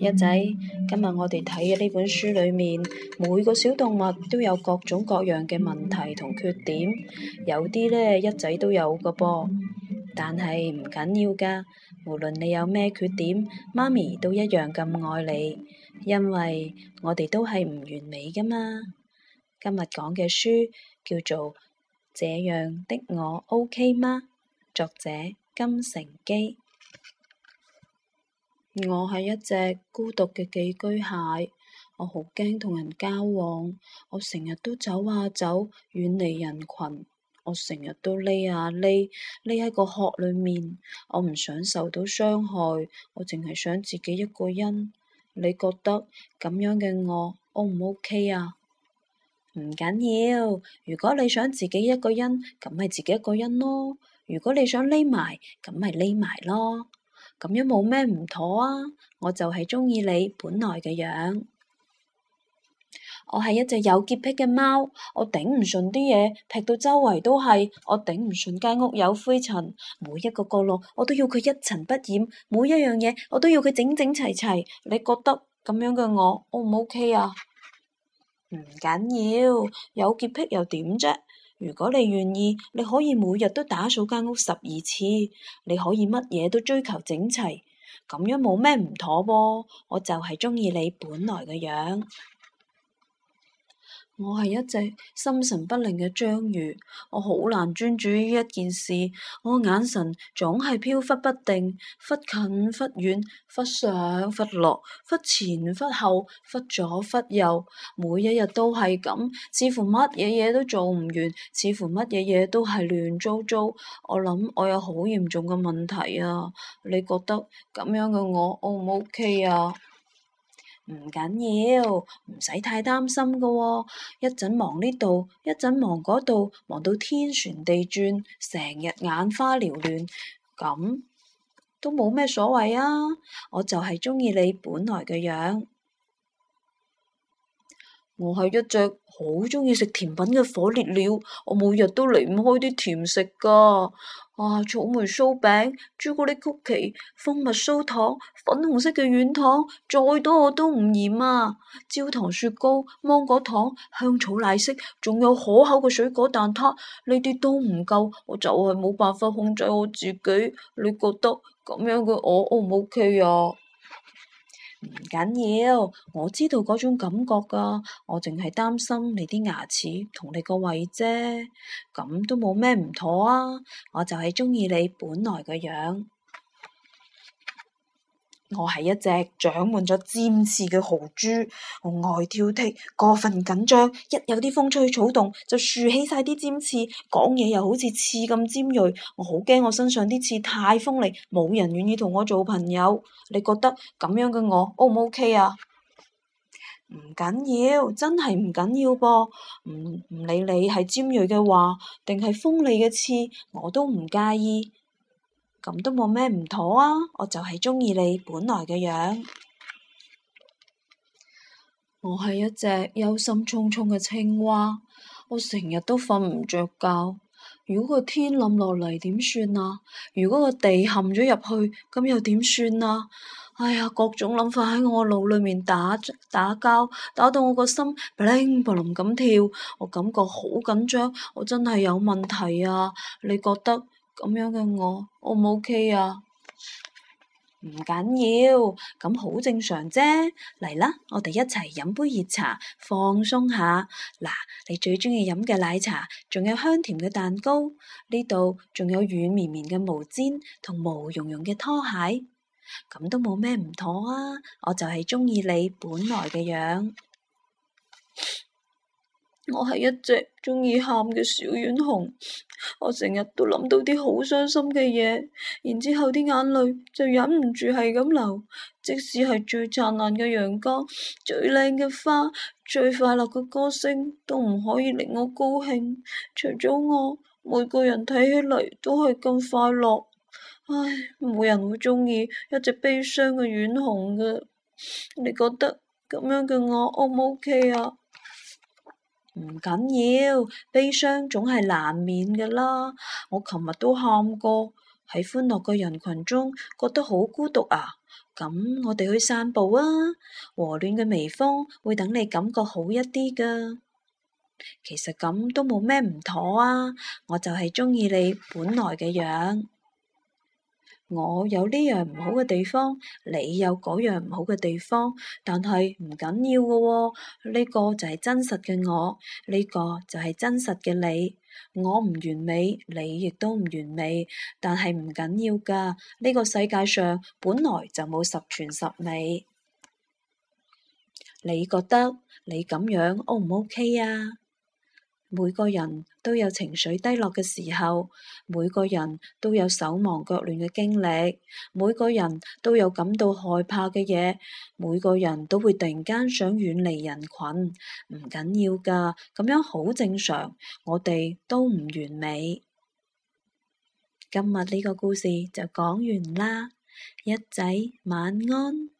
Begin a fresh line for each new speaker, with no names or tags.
一仔，今日我哋睇嘅呢本書裏面，每個小動物都有各種各樣嘅問題同缺點，有啲咧一仔都有個噃，但係唔緊要噶，無論你有咩缺點，媽咪都一樣咁愛你，因為我哋都係唔完美噶嘛。今日講嘅書叫做《這樣的我 OK 嗎？》，作者金成基。我係一隻孤獨嘅寄居蟹，我好驚同人交往，我成日都走啊走，遠離人群，我成日都匿啊匿，匿喺個殼裏面，我唔想受到傷害，我淨係想自己一個人。你覺得咁樣嘅我 O 唔 OK 啊？唔緊要，如果你想自己一個人，咁咪自己一個人咯；如果你想匿埋，咁咪匿埋咯。咁樣冇咩唔妥啊！我就係中意你本來嘅樣。我係一隻有潔癖嘅貓，我頂唔順啲嘢，劈到周圍都係。我頂唔順間屋有灰塵，每一個角落我都要佢一塵不染，每一樣嘢我都要佢整整齊齊。你覺得咁樣嘅我 O 唔 OK 啊？唔緊要，有潔癖又點啫？如果你願意，你可以每日都打掃間屋十二次，你可以乜嘢都追求整齊，咁樣冇咩唔妥喎。我就係鍾意你本來嘅樣。我係一隻心神不寧嘅章魚，我好難專注於一件事，我眼神總係飄忽不定，忽近忽遠，忽上忽落，忽前忽後，忽左忽右，每一日都係咁，似乎乜嘢嘢都做唔完，似乎乜嘢嘢都係亂糟糟，我諗我有好嚴重嘅問題啊！你覺得咁樣嘅我 O 唔 OK 啊？唔緊要，唔使太擔心噶喎。一陣忙呢度，一陣忙嗰度，忙到天旋地轉，成日眼花繚亂，咁都冇咩所謂啊！我就係中意你本來嘅樣。我係一隻好中意食甜品嘅火烈鳥，我每日都離唔開啲甜食噶。哇、啊！草莓酥餅、朱古力曲奇、蜂蜜酥糖、粉紅色嘅軟糖，再多我都唔嫌啊！焦糖雪糕、芒果糖、香草奶昔，仲有可口嘅水果蛋撻，呢啲都唔夠，我就係冇辦法控制我自己。你覺得咁樣嘅我 O 唔 OK 啊？唔緊要，我知道嗰種感覺噶，我淨係擔心你啲牙齒同你個胃啫，咁都冇咩唔妥啊！我就係中意你本來個樣。我係一隻長滿咗尖刺嘅豪豬，我外挑剔、過分緊張，一有啲風吹草動就豎起晒啲尖刺，講嘢又好似刺咁尖銳。我好驚我身上啲刺太鋒利，冇人願意同我做朋友。你覺得咁樣嘅我 O 唔 OK 啊？唔緊要，真係唔緊要噃。唔唔理你係尖銳嘅話，定係鋒利嘅刺，我都唔介意。咁都冇咩唔妥啊！我就係中意你本來嘅樣。我係一隻憂心忡忡嘅青蛙，我成日都瞓唔着覺。如果個天冧落嚟點算啊？如果個地陷咗入去，咁又點算啊？哎呀，各種諗法喺我腦裏面打打交，打到我個心砰砰咁跳，我感覺好緊張，我真係有問題啊！你覺得？咁樣嘅我，O 唔 O K 啊？唔緊要，咁好正常啫。嚟啦，我哋一齊飲杯熱茶，放鬆下。嗱，你最中意飲嘅奶茶，仲有香甜嘅蛋糕，呢度仲有軟綿綿嘅毛氈同毛茸茸嘅拖鞋，咁都冇咩唔妥啊！我就係中意你本來嘅樣。我係一隻鍾意喊嘅小丸熊，我成日都諗到啲好傷心嘅嘢，然之後啲眼淚就忍唔住係咁流。即使係最燦爛嘅陽光、最靚嘅花、最快樂嘅歌聲，都唔可以令我高興。除咗我，每個人睇起嚟都係咁快樂。唉，冇人會鍾意一隻悲傷嘅丸熊嘅。你覺得咁樣嘅我 O 唔 OK 啊？唔緊要，悲傷總係難免㗎啦。我琴日都喊過，喺歡樂嘅人群中覺得好孤獨啊。咁我哋去散步啊，和暖嘅微風會等你感覺好一啲噶。其實咁都冇咩唔妥啊，我就係中意你本來嘅樣。我有呢樣唔好嘅地方，你有嗰樣唔好嘅地方，但係唔緊要嘅喎、哦。呢、這個就係真實嘅我，呢、這個就係真實嘅你。我唔完美，你亦都唔完美，但係唔緊要噶。呢、這個世界上本來就冇十全十美。你覺得你咁樣 O 唔 OK 啊？每個人都有情緒低落嘅時候，每個人都有手忙腳亂嘅經歷，每個人都有感到害怕嘅嘢，每個人都會突然間想遠離人群。唔緊要噶，咁樣好正常。我哋都唔完美。今日呢個故事就講完啦，一仔晚安。